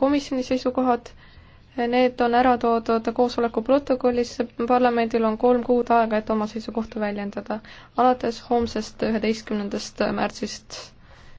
komisjoni seisukohad, need on ära toodud koosoleku protokollis, parlamendil on kolm kuud aega, et oma seisukohta väljendada, alates homsest üheteistkümnendast märtsist